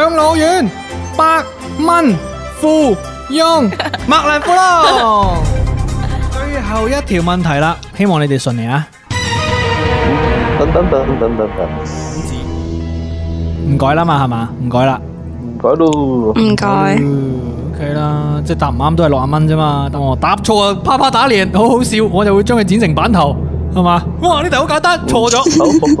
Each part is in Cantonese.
養腦院，百蚊富翁，麥蘭夫咯，最後一條問題啦，希望你哋順利啊！等等等等等等，唔改啦嘛係嘛，唔改啦，唔改咯，唔改，OK 啦，即係答唔啱都係六十蚊啫嘛，等我答錯啊，啪啪打臉，好好笑，我就會將佢剪成版頭，係嘛？哇呢題好簡單，錯咗。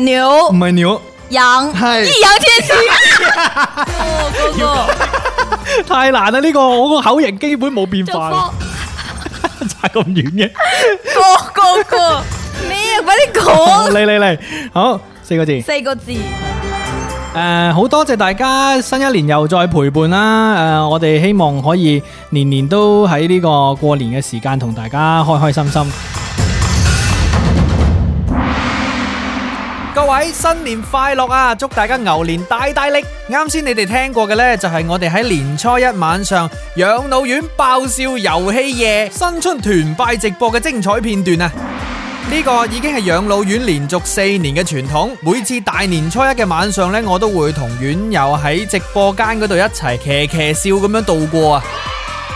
牛唔係牛，羊係易烊千璽。哥哥哥，太難啦呢個，我個口型基本冇變化。差咁遠嘅，哥哥哥咩？快啲講嚟嚟嚟，好四個字。四個字。誒，好多謝大家新一年又再陪伴啦。誒，我哋希望可以年年都喺呢個過年嘅時間同大家開開心心。各位新年快樂啊！祝大家牛年大大力！啱先你哋聽過嘅呢，就係我哋喺年初一晚上養腦院爆笑遊戲夜新春團拜直播嘅精彩片段啊！呢個已經係養腦院連續四年嘅傳統，每次大年初一嘅晚上呢，我都會同院友喺直播間嗰度一齊騎騎笑咁樣度過啊！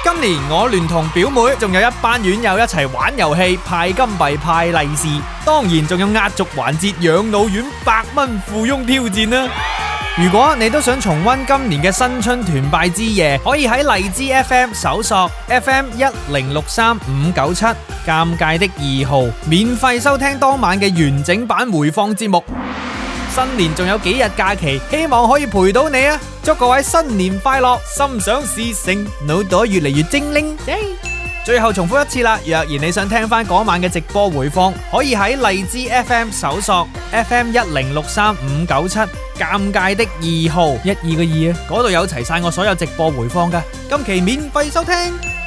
今年我聯同表妹，仲有一班院友一齊玩遊戲派金幣派利是，當然仲有壓軸環節養腦院百蚊富翁挑戰啦、啊！ 如果你都想重温今年嘅新春團拜之夜，可以喺荔枝 FM 搜索 FM 一零六三五九七，尷尬的二號，免費收聽當晚嘅完整版回放節目。新年仲有幾日假期，希望可以陪到你啊！祝各位新年快樂，心想事成，腦袋越嚟越精靈。Yay! 最後重複一次啦，若然你想聽翻嗰晚嘅直播回放，可以喺荔枝 FM 搜索 FM 一零六三五九七，尷尬的二號一二個二啊，嗰度有齊曬我所有直播回放噶，今期免費收聽，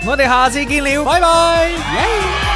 我哋下次見了，拜拜。